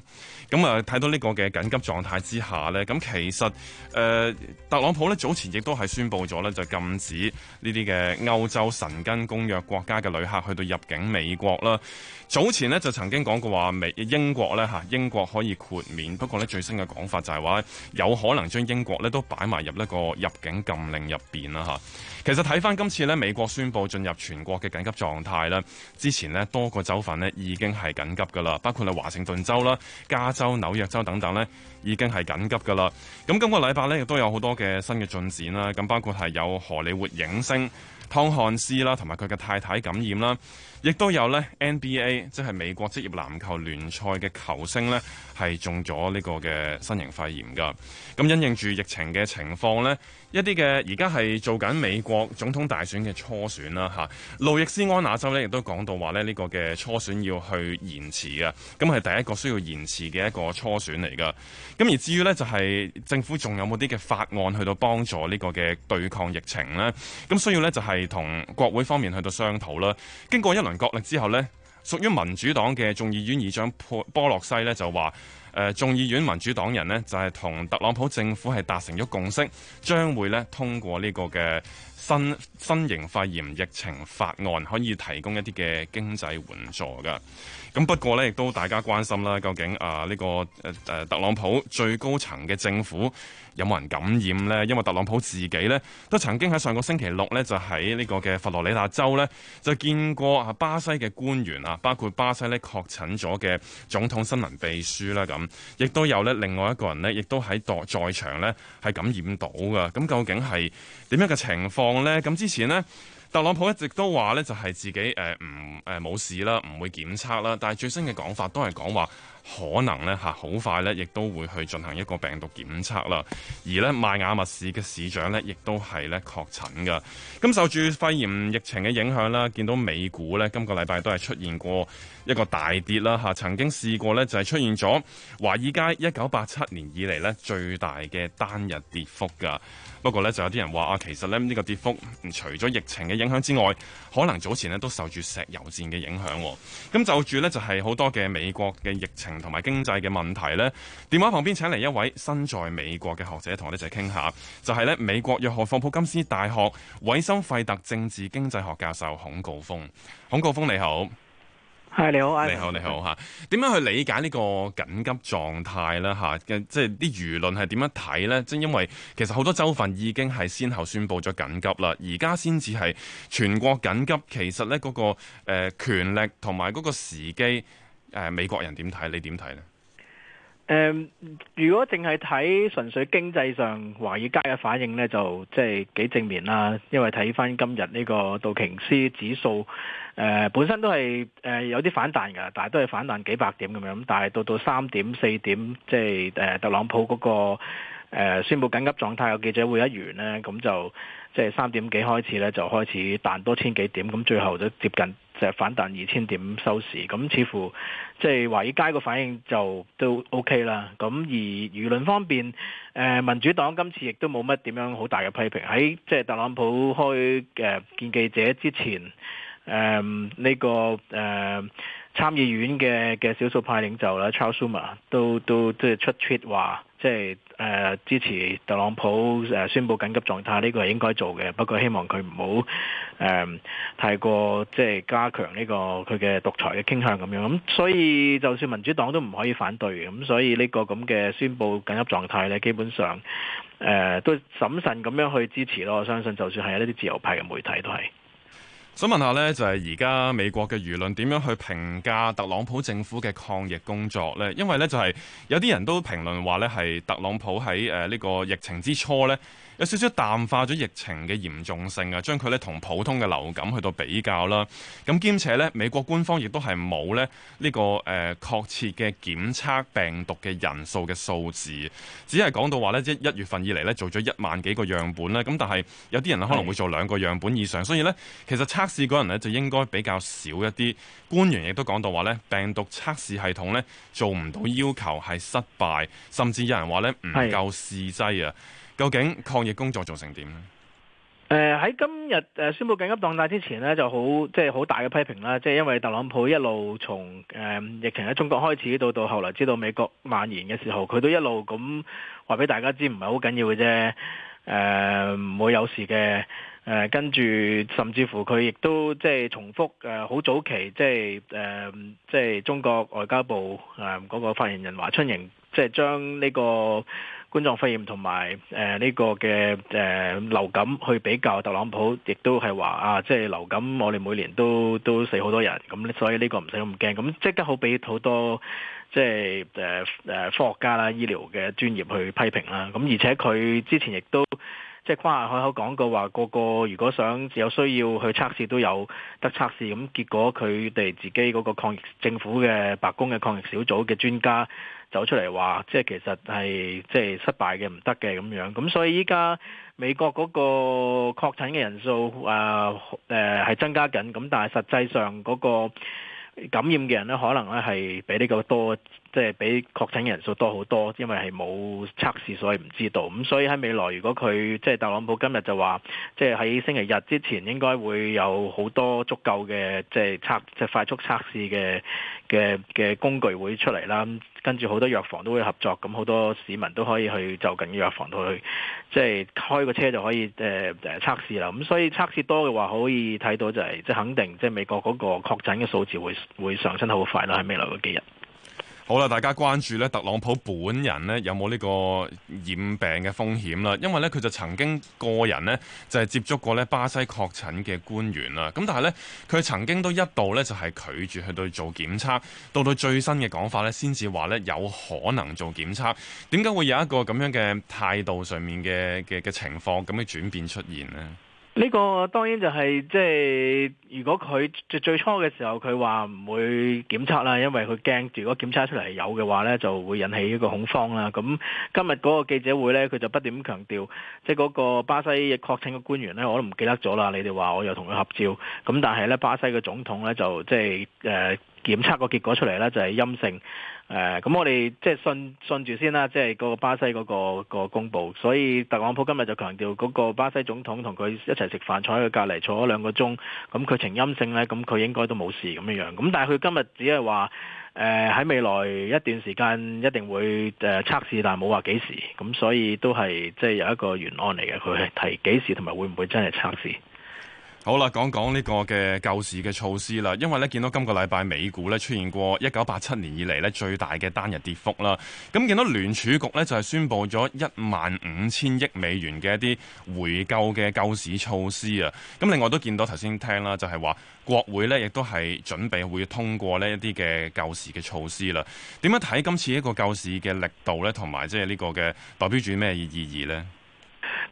咁啊，睇到呢個嘅緊急狀態之下咧，咁其實誒、呃、特朗普咧早前亦都係宣布咗咧，就禁止呢啲嘅歐洲申根公約國家嘅旅客去到入境美國啦。早前咧就曾經講過話美英國咧吓英國可以豁免，不過咧最新嘅講法就係話有可能將英國咧都擺埋入呢個入境禁令入邊啦吓。其實睇翻今次咧，美國宣布進入全國嘅緊急狀態啦，之前咧多個州份咧已經係緊急噶啦，包括係華盛頓州啦、加州。州、紐約州等等呢，已經係緊急噶啦。咁今個禮拜呢，亦都有好多嘅新嘅進展啦。咁包括係有荷里活影星湯漢斯啦，同埋佢嘅太太感染啦。亦都有咧 NBA 即係美國職業籃球聯賽嘅球星咧，係中咗呢個嘅新型肺炎噶。咁因應住疫情嘅情況咧，一啲嘅而家係做緊美國總統大選嘅初選啦吓。路易斯安那州咧亦都講到話咧呢個嘅初選要去延遲嘅。咁係第一個需要延遲嘅一個初選嚟噶。咁而至於咧就係政府仲有冇啲嘅法案去到幫助呢個嘅對抗疫情咧？咁需要咧就係同國會方面去到商討啦。經過一輪。國力之後呢，屬於民主黨嘅眾議院議長波,波洛西呢，就、呃、話：，誒，眾議院民主黨人呢，就係、是、同特朗普政府係達成咗共識，將會呢通過呢個嘅新新型肺炎疫情法案，可以提供一啲嘅經濟援助噶。咁不過呢，亦都大家關心啦，究竟啊呢、呃這個誒誒、呃、特朗普最高層嘅政府。有冇人感染呢？因為特朗普自己呢，都曾經喺上個星期六呢，就喺呢個嘅佛羅里達州呢，就見過啊巴西嘅官員啊，包括巴西呢確診咗嘅總統新聞秘書啦，咁亦都有呢另外一個人呢，亦都喺在，在場呢係感染到噶。咁究竟係點樣嘅情況呢？咁之前呢，特朗普一直都話呢，就係自己誒唔誒冇事啦，唔會檢測啦。但係最新嘅講法都係講話。可能呢嚇，好快呢，亦都會去進行一個病毒檢測啦。而呢，邁阿密市嘅市長呢，亦都係呢確診噶。咁受住肺炎疫情嘅影響啦，見到美股呢，今個禮拜都係出現過一個大跌啦嚇。曾經試過呢，就係出現咗華爾街一九八七年以嚟呢最大嘅單日跌幅噶。不過呢，就有啲人話啊，其實呢，呢個跌幅除咗疫情嘅影響之外，可能早前呢都受住石油戰嘅影響，哦，咁、嗯、就住呢，就係、是、好多嘅美國嘅疫情同埋經濟嘅問題呢。電話旁邊請嚟一位身在美國嘅學者，同我哋一齊傾下，就係、是、呢美國約翰霍普金斯大學維森費特政治經濟學教授孔告峰。孔告峰，你好。係，你好，你好是你好吓，點樣是去理解呢個緊急狀態啦吓？即係啲輿論係點樣睇呢？即，呢即因為其實好多州份已經係先後宣布咗緊急啦，而家先至係全國緊急。其實呢嗰、那個誒、呃、權力同埋嗰個時機誒、呃，美國人點睇？你點睇呢？誒、呃，如果淨係睇純粹經濟上華爾街嘅反應呢，就即係幾正面啦。因為睇翻今日呢個道瓊斯指數。誒、呃、本身都係誒、呃、有啲反彈㗎，但係都係反彈幾百點咁樣。咁但係到到三點四點，即係誒、呃、特朗普嗰、那個、呃、宣布緊急狀態嘅記者會一完呢，咁就即係三點幾開始呢，就開始彈多千幾點。咁最後都接近就反彈二千點收市。咁似乎即係華爾街個反應就都 OK 啦。咁而輿論方面，誒、呃、民主黨今次亦都冇乜點樣好大嘅批評。喺即係特朗普開誒、呃、見記者之前。誒呢、um, 這個誒參、呃、議院嘅嘅少數派領袖啦，Charles Schumer 都都即係出 tweet 話，即係誒、呃、支持特朗普誒宣佈緊急狀態，呢、這個係應該做嘅。不過希望佢唔好誒太過即係加強呢、這個佢嘅獨裁嘅傾向咁樣。咁所以就算民主黨都唔可以反對。咁所以呢個咁嘅宣佈緊急狀態咧，基本上誒、呃、都審慎咁樣去支持咯。我相信就算係一啲自由派嘅媒體都係。想問下呢，就係而家美國嘅輿論點樣去評價特朗普政府嘅抗疫工作呢？因為呢，就係有啲人都評論話呢，係特朗普喺誒呢個疫情之初呢，有少少淡化咗疫情嘅嚴重性啊，將佢咧同普通嘅流感去到比較啦。咁兼且呢，美國官方亦都係冇咧呢、呢個誒、呃、確切嘅檢測病毒嘅人數嘅數字，只係講到話呢，即一月份以嚟呢，做咗一萬幾個樣本咧。咁但係有啲人可能會做兩個樣本以上，是所以呢，其實測試嗰人呢，就應該比較少一啲。官員亦都講到話呢，病毒測試系統呢，做唔到要求係失敗，甚至有人話呢，唔夠試劑啊。是究竟抗疫工作做成點咧？誒、呃，喺今日誒宣布緊急狀態之前呢，就好即係好大嘅批評啦。即係因為特朗普一路從誒、呃、疫情喺中國開始到到後來知道美國蔓延嘅時候，佢都一路咁話俾大家知唔係好緊要嘅啫。誒、呃，唔會有事嘅。誒、呃，跟住甚至乎佢亦都即係重複誒，好、呃、早期即係誒，即係、呃、中國外交部誒嗰、呃那個發言人華春瑩，即係將呢個。冠狀肺炎同埋誒呢個嘅誒、呃、流感去比較，特朗普亦都係話啊，即係流感我哋每年都都死好多人，咁所以呢個唔使咁驚。咁即刻好俾好多即係誒誒科學家啦、醫療嘅專業去批評啦。咁而且佢之前亦都。即係誇下海口講過話，個個如果想有需要去測試都有得測試，咁結果佢哋自己嗰個抗疫政府嘅白宮嘅抗疫小組嘅專家走出嚟話，即係其實係即係失敗嘅，唔得嘅咁樣。咁所以依家美國嗰個確診嘅人數啊，誒誒係增加緊，咁但係實際上嗰個感染嘅人呢，可能咧係比呢個多。即係比確診人數多好多，因為係冇測試，所以唔知道。咁所以喺未來，如果佢，即係特朗普今日就話，即係喺星期日之前應該會有好多足夠嘅即係測即係快速測試嘅嘅嘅工具會出嚟啦。跟住好多藥房都會合作，咁好多市民都可以去就近嘅藥房度去即係開個車就可以誒誒、呃、測試啦。咁所以測試多嘅話，可以睇到就係，即係肯定，即係美國嗰個確診嘅數字會會上升好快啦。喺未來嘅幾日。好啦，大家關注咧，特朗普本人呢，有冇呢個染病嘅風險啦？因為呢，佢就曾經個人呢，就係接觸過呢巴西確診嘅官員啦。咁但係呢，佢曾經都一度呢，就係拒絕去到做檢測，到到最新嘅講法呢，先至話呢，有可能做檢測。點解會有一個咁樣嘅態度上面嘅嘅嘅情況咁嘅轉變出現呢？呢個當然就係即係，如果佢最初嘅時候佢話唔會檢測啦，因為佢驚如果檢測出嚟有嘅話呢就會引起一個恐慌啦。咁今日嗰個記者會呢，佢就不斷咁強調，即係嗰個巴西嘅確診嘅官員呢，我都唔記得咗啦。你哋話我又同佢合照，咁但係呢巴西嘅總統呢，就即係誒。呃檢測個結果出嚟呢，就係陰性，誒、呃，咁我哋即係信信住先啦，即係嗰個巴西嗰、嗰個、個公布，所以特朗普今日就強調嗰個巴西總統同佢一齊食飯，坐喺佢隔籬坐咗兩個鐘，咁佢呈陰性呢，咁佢應該都冇事咁樣樣，咁但係佢今日只係話，誒、呃、喺未來一段時間一定會誒測試，但係冇話幾時，咁所以都係即係有一個原案嚟嘅，佢係提幾時同埋會唔會真係測試。好啦，講講呢個嘅救市嘅措施啦，因為呢，見到今個禮拜美股呢，出現過一九八七年以嚟呢最大嘅單日跌幅啦。咁、嗯、見到聯儲局呢，就係、是、宣布咗一萬五千億美元嘅一啲回購嘅救市措施啊。咁、嗯、另外都見到頭先聽啦，就係、是、話國會呢，亦都係準備會通過呢一啲嘅救市嘅措施啦。點樣睇今次一個救市嘅力度呢？同埋即係呢個嘅代表住咩意義呢？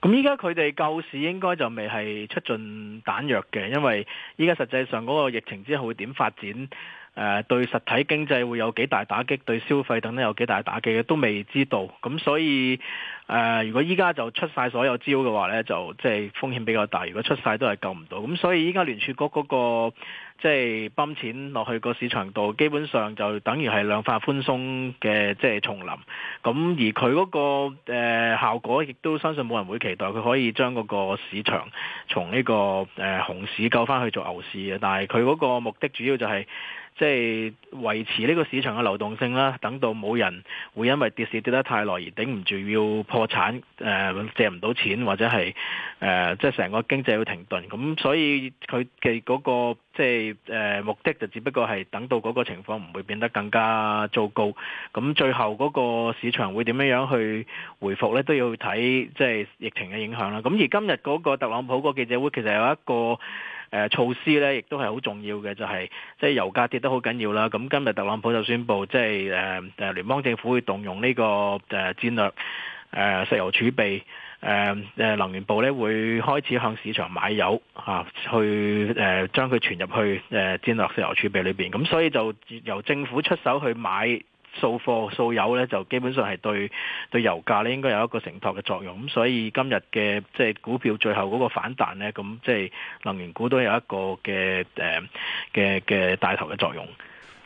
咁依家佢哋救市應該就未係出盡彈藥嘅，因為依家實際上嗰個疫情之後會點發展，誒、呃、對實體經濟會有幾大打擊，對消費等等有幾大打擊嘅都未知道。咁所以誒、呃，如果依家就出晒所有招嘅話呢就即係風險比較大。如果出晒都係救唔到。咁所以依家聯儲局嗰、那個即係泵錢落去個市場度，基本上就等於係量化寬鬆嘅即係重臨。咁而佢嗰、那個、呃、效果，亦都相信冇人會期待佢可以將嗰個市場從呢、這個誒、呃、熊市救翻去做牛市嘅。但係佢嗰個目的主要就係、是。即係維持呢個市場嘅流動性啦，等到冇人會因為跌市跌得太耐而頂唔住要破產，誒、呃、借唔到錢或者係誒即係成個經濟會停頓，咁所以佢嘅嗰個。即係誒目的就只不過係等到嗰個情況唔會變得更加糟糕，咁最後嗰個市場會點樣樣去回復呢？都要睇即係疫情嘅影響啦。咁而今日嗰個特朗普嗰記者會其實有一個誒措施呢，亦都係好重要嘅，就係即係油價跌得好緊要啦。咁今日特朗普就宣布，即係誒聯邦政府會動用呢個誒戰略誒石油儲備。誒誒、uh, 能源部咧會開始向市場買油嚇、啊，去誒、啊、將佢存入去誒戰略石油儲備裏邊。咁所以就由政府出手去買掃貨掃油咧，就基本上係對對油價咧應該有一個承托嘅作用。咁所以今日嘅即係股票最後嗰個反彈咧，咁即係能源股都有一個嘅誒嘅嘅帶頭嘅作用。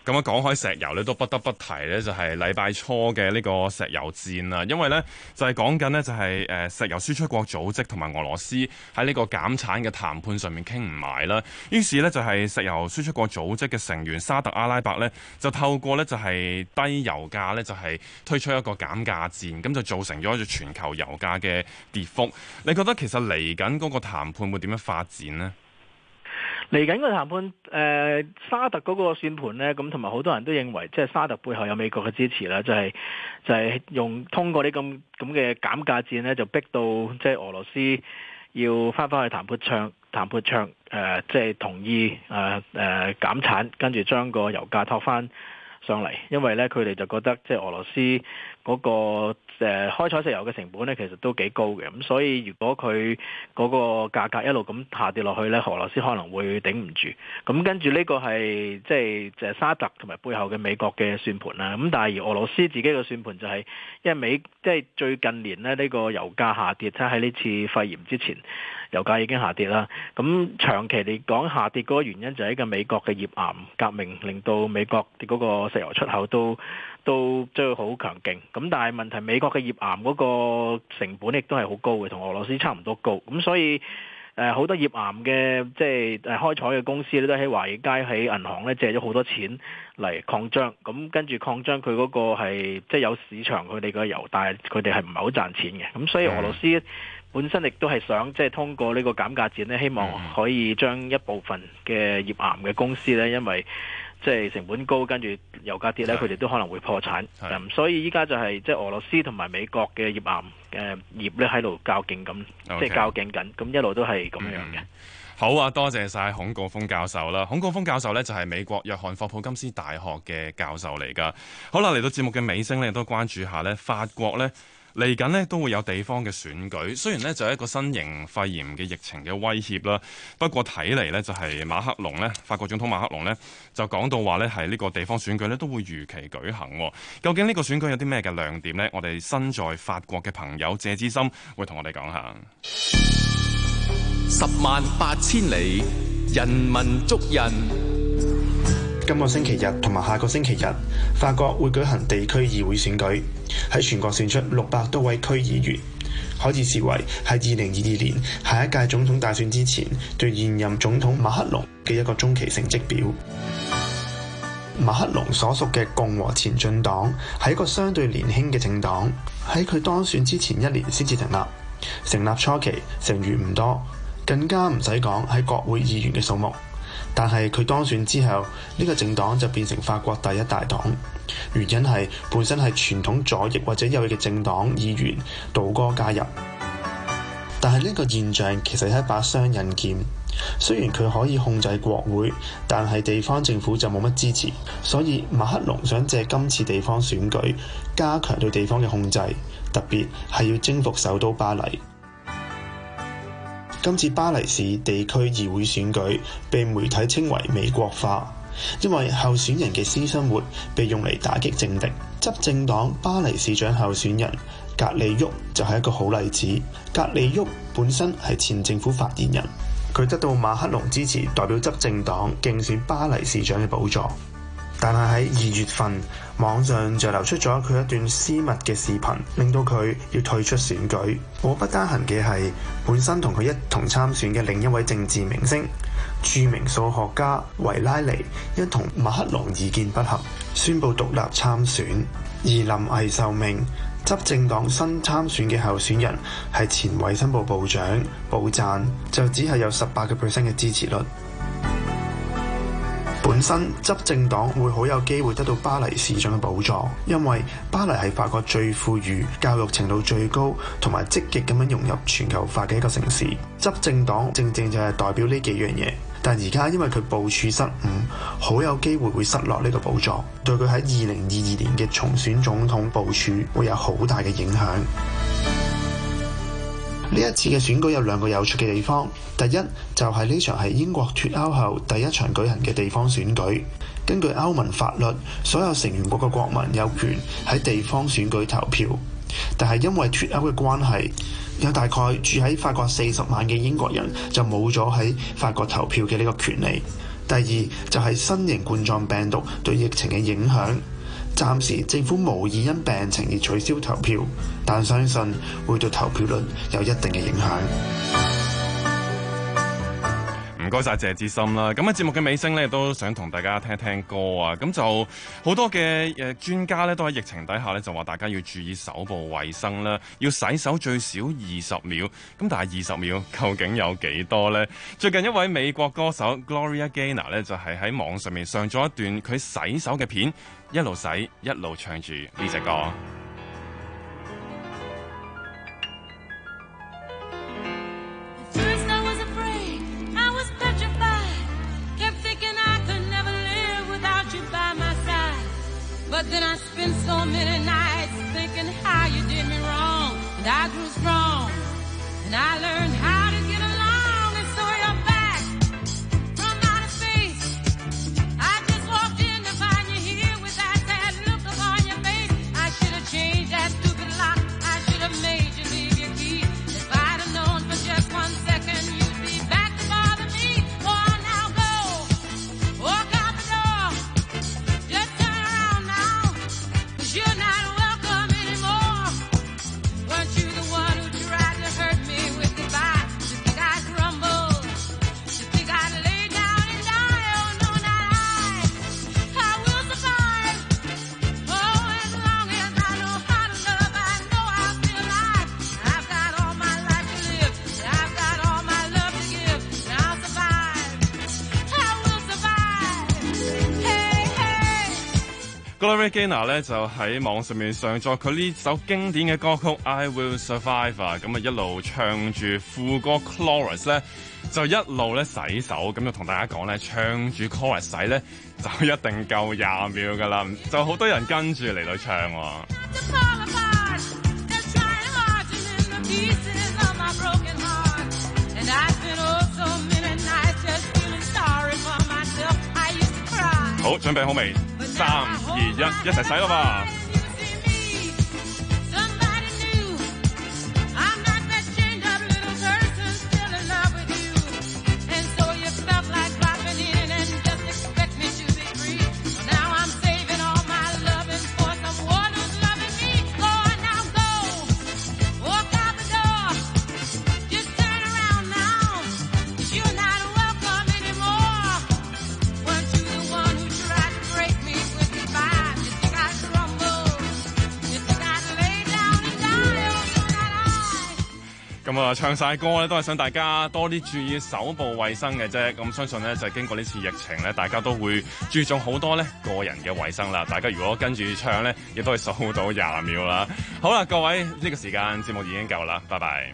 咁樣講開石油咧，都不得不提呢，就係禮拜初嘅呢個石油戰啦。因為呢，就係講緊呢，就係誒石油輸出國組織同埋俄羅斯喺呢個減產嘅談判上面傾唔埋啦。於是呢，就係石油輸出國組織嘅成員沙特阿拉伯呢，就透過呢，就係低油價呢，就係推出一個減價戰，咁就造成咗一個全球油價嘅跌幅。你覺得其實嚟緊嗰個談判會點樣發展呢？嚟緊個談判，誒、呃、沙特嗰個算盤呢，咁同埋好多人都認為，即係沙特背後有美國嘅支持啦，就係、是、就係、是、用通過呢咁咁嘅減價戰呢，就逼到即係俄羅斯要翻返去談判桌。談判桌誒、呃，即係同意誒誒、呃呃、減產，跟住將個油價拖翻上嚟，因為呢，佢哋就覺得即係俄羅斯。嗰個誒開採石油嘅成本咧，其實都幾高嘅，咁、嗯、所以如果佢嗰個價格一路咁下跌落去咧，俄羅斯可能會頂唔住。咁、嗯、跟住呢個係即係誒沙特同埋背後嘅美國嘅算盤啦。咁、嗯、但係俄羅斯自己嘅算盤就係、是、因為美，即、就、係、是、最近年咧呢、這個油價下跌，睇喺呢次肺炎之前，油價已經下跌啦。咁、嗯、長期嚟講下跌嗰個原因就係一個美國嘅頁岩革命，令到美國啲嗰個石油出口都都即係好強勁。咁但係問題，美國嘅頁岩嗰個成本亦都係好高嘅，同俄羅斯差唔多高。咁所以，誒、呃、好多頁岩嘅即係開採嘅公司咧，都喺華爾街喺銀行咧借咗好多錢嚟擴張。咁、嗯、跟住擴張佢嗰個係即係有市場，佢哋嘅油，但係佢哋係唔係好賺錢嘅。咁所以俄羅斯本身亦都係想即係通過呢個減價戰咧，希望可以將一部分嘅頁岩嘅公司咧，因為。即係成本高，跟住油價跌咧，佢哋都可能會破產。咁、嗯、所以依家就係即係俄羅斯同埋美國嘅頁岩呃頁咧喺度較勁咁，呃、Okay. 即係較勁緊，咁一路都係咁樣嘅、嗯。好啊，多謝晒孔國峰教授啦。孔國峰教授咧就係美國約翰霍普金斯大學嘅教授嚟噶。好啦，嚟到節目嘅尾聲咧，都關注下咧法國咧。嚟緊呢都會有地方嘅選舉，雖然呢就係、是、一個新型肺炎嘅疫情嘅威脅啦，不過睇嚟呢就係、是、馬克龍呢法國總統馬克龍呢，就講到話呢係呢個地方選舉呢都會如期舉行，哦。究竟呢個選舉有啲咩嘅亮點呢？我哋身在法國嘅朋友謝之深會同我哋講下。十萬八千里，人民足印。今個星期日同埋下個星期日，法國會舉行地區議會選舉，喺全國選出六百多位區議員，可以視為係二零二二年下一屆總統大選之前，對現任總統馬克龍嘅一個中期成績表。馬克龍所屬嘅共和前進黨係一個相對年輕嘅政黨，喺佢當選之前一年先至成立，成立初期成員唔多，更加唔使講喺國會議員嘅數目。但係佢當選之後，呢個政黨就變成法國第一大黨。原因係本身係傳統左翼或者右翼嘅政黨，議員倒戈加入。但係呢個現象其實係一把雙刃劍。雖然佢可以控制國會，但係地方政府就冇乜支持。所以馬克龍想借今次地方選舉加強對地方嘅控制，特別係要征服首都巴黎。今次巴黎市地區議會選舉被媒體稱為美國化，因為候選人嘅私生活被用嚟打擊政敵執政黨巴黎市長候選人格利沃就係一個好例子。格利沃本身係前政府發言人，佢得到馬克龍支持，代表執政黨競選巴黎市長嘅寶座，但係喺二月份。網上就流出咗佢一段私密嘅視頻，令到佢要退出選舉。禍不單行嘅係，本身同佢一同參選嘅另一位政治明星、著名數學家維拉尼，因同馬克龍意見不合，宣布獨立參選。而臨危受命執政黨新參選嘅候選人係前衞生部部長布贊，就只係有十八個 percent 嘅支持率。本身執政黨會好有機會得到巴黎市長嘅寶座，因為巴黎係法國最富裕、教育程度最高同埋積極咁樣融入全球化嘅一個城市。執政黨正正就係代表呢幾樣嘢，但而家因為佢部署失誤，好有機會會失落呢個寶座，對佢喺二零二二年嘅重選總統部署會有好大嘅影響。呢一次嘅選舉有兩個有趣嘅地方，第一，就係呢場係英國脱歐後第一場舉行嘅地方選舉。根據歐盟法律，所有成員國嘅國民有權喺地方選舉投票，但係因為脱歐嘅關係，有大概住喺法國四十萬嘅英國人就冇咗喺法國投票嘅呢個權利。第二，就係新型冠狀病毒對疫情嘅影響。暫時政府無意因病情而取消投票，但相信會對投票率有一定嘅影響。唔該晒謝志深啦。咁啊，節目嘅尾聲呢，亦都想同大家聽聽歌啊。咁就好多嘅誒專家呢，都喺疫情底下呢，就話大家要注意手部衞生啦，要洗手最少二十秒。咁但係二十秒究竟有幾多呢？最近一位美國歌手 Gloria Gaynor 咧，就係喺網上面上咗一段佢洗手嘅片。一路洗一路唱住呢隻歌。Gloria Gaynor 咧就喺網上面上載佢呢首經典嘅歌曲《I Will Survive》啊，咁啊一路唱住副歌 chorus 咧，就一路咧洗手，咁就同大家講咧唱住 chorus 洗咧就一定夠廿秒噶啦，就好多人跟住嚟到唱啊。 好，準備好未？三二 一，一齊洗啦嘛！唱晒歌咧，都係想大家多啲注意手部衛生嘅啫。咁相信咧，就係經過呢次疫情咧，大家都會注重好多咧個人嘅衛生啦。大家如果跟住唱咧，亦都係數到廿秒啦。好啦，各位，呢個時間節目已經夠啦，拜拜。